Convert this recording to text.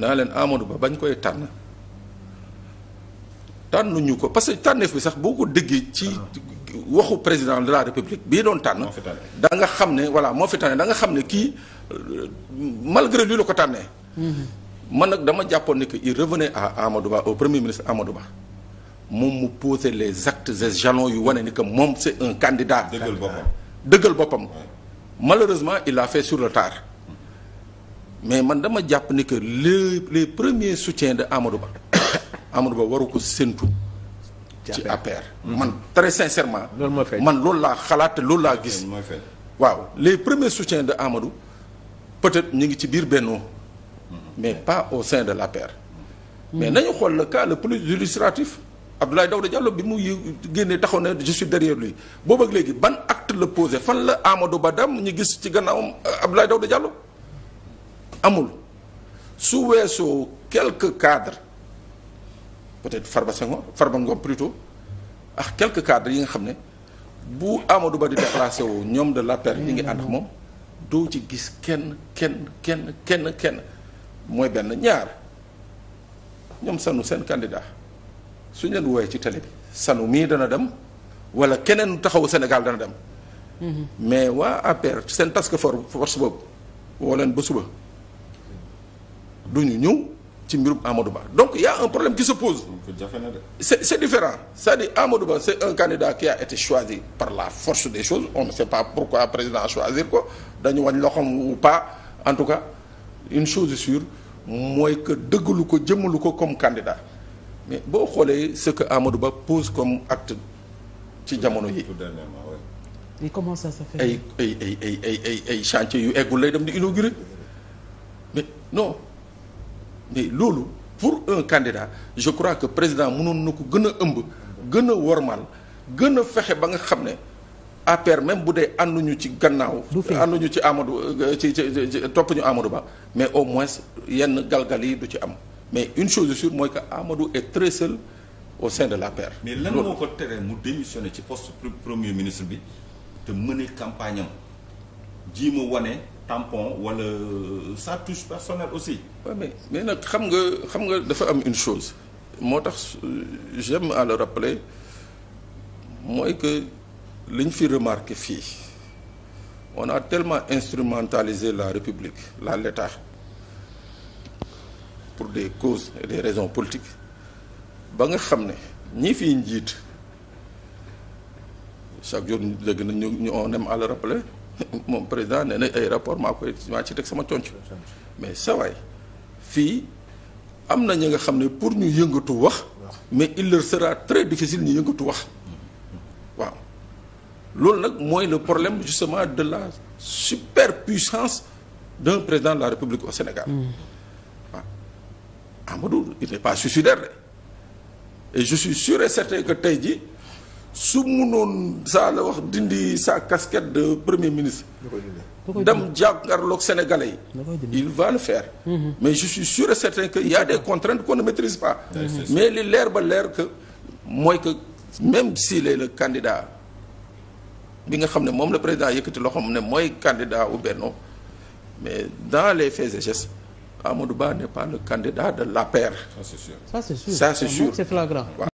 naa leen Amadou Ba bañ koy tànn tànnuñu ko parce que tànneef bi sax boo ko déggee ci ah. waxu président de la république bii doon tànn da nga xam ne voilà moo fi tànne da nga xam ne kii euh, malgré lui la ko tànnee mm-hmm. man nag dama jàppoon ne que il revenait à Amadou Ba au premier ministre Amadou Ba moom mu poser les actes et jalons yu wane ni que moom c'est un candidat dëggal boppam malheureusement il l'a fait sur le tard mais man dama jàpp ni que les les premiers soutiens de Amadou Ba Amadou Ba waru ko séntu. ci APR man très sincèrement. man loolu laa xalaat loolu laa gis. waaw les premiers soutiens de amado peut-être ñu ngi ci biir Benno mais pas au sein de l'APR. mais nañu xool le cas le plus illustratif Abdoulaye Daouda Diallo bi mu génnee taxaw na je suis derrière lui boobu ak léegi ban acte la posé fan la amado Ba dem ñu gis ci gannaawam euh, Abdoulaye Daouda Diallo. amul su weesoo quelques cadres peut-être Farba Senghor Farba Ngom plutôt ak quelques cadres yi nga xam ne bu amadu Ba di déplacé woo ñoom de l'APR yi ngi ànd ak moom doo ci gis kenn kenn kenn kenn kenn mooy benn ñaar ñoom sanu seen candidat suñ leen woowee ci tele bi sanu mii dana dem wala keneen taxawu Sénégal dana dem mhm. mais waa APR seen task force boobu woo leen ba suba du ñu ñëw ci mbirum Amadou Ba donc y' a problème qui se pose. c' est c' différent c' est Amadou Ba c' est un candidat qui a été choisi par la force des choses on ne sait pas pourquoi président choisir ko dañu wañ loxoom ou pa en tout cas une chose sûre mooy que dëggalu ko jëmmalu ko comme candidat mais boo xoolee ce que Amadou Ba pose comme acte ci jamono yi. mais comment ça se fait ay ay ay ay ay ay chantier yu eggul lay dem di inaugurer mais non. mais loolu pour un candidat je crois que président mënoon na ko gën a ëmb gën a wormal gën a fexe ba nga xam ne APR même bu dee ànduñu ci gannaaw ànduñu ci Amadou euh, ci topp ñu Amadou Ba mais au moins yenn galgal yi du ci am mais une chose sûre mooy que Amadou est très seul au sein de l'APR mais lan moo ko tere mu démissionné ci poste premier ministre bi te mëne campagne am jii ma wane tampon wala sa euh, touche personnelle aussi. mais nag xam nga xam nga dafa am une chose moo tax euh, j'aime à le mooy que li ñu fi remarqué fii on a tellement instrumentalisé la République la l'État pour des causes et des raisons politiques ba nga xam ne ñii fiy njiit chaque jour dëgg na ñu on aime à le moom président nee na ay rapport maa koy maa ci teg sama conc mais sa fii am na ñi nga xam ne pour ñu yëngatu wax mais il sera très difficile ñu yëngatu wax waaw loolu nag mooy le problème justement de la superpuissance d'un président de la République au Sénégal hmm. waaw Amadou il n'est pas de et je suis sûr et nga tey jii su munoon saa la wax dindi sa casquette de premier ministre. dem jàkkaarloog sénégalais yi. il va le faire. Mm-hmm. mais je suis sûr et certain que y a des contraintes qu'on ne maîtrise pas. Mm-hmm. mais li leer ba leer que mooy que même s'il le candidat bi nga xam ne moom le président yëkkati loxoom ne mooy candidat ou mais dans les faits et gestes Amadou Ba n'est pas le candidat de l'APR. ça c'est sûr ça c'est sûr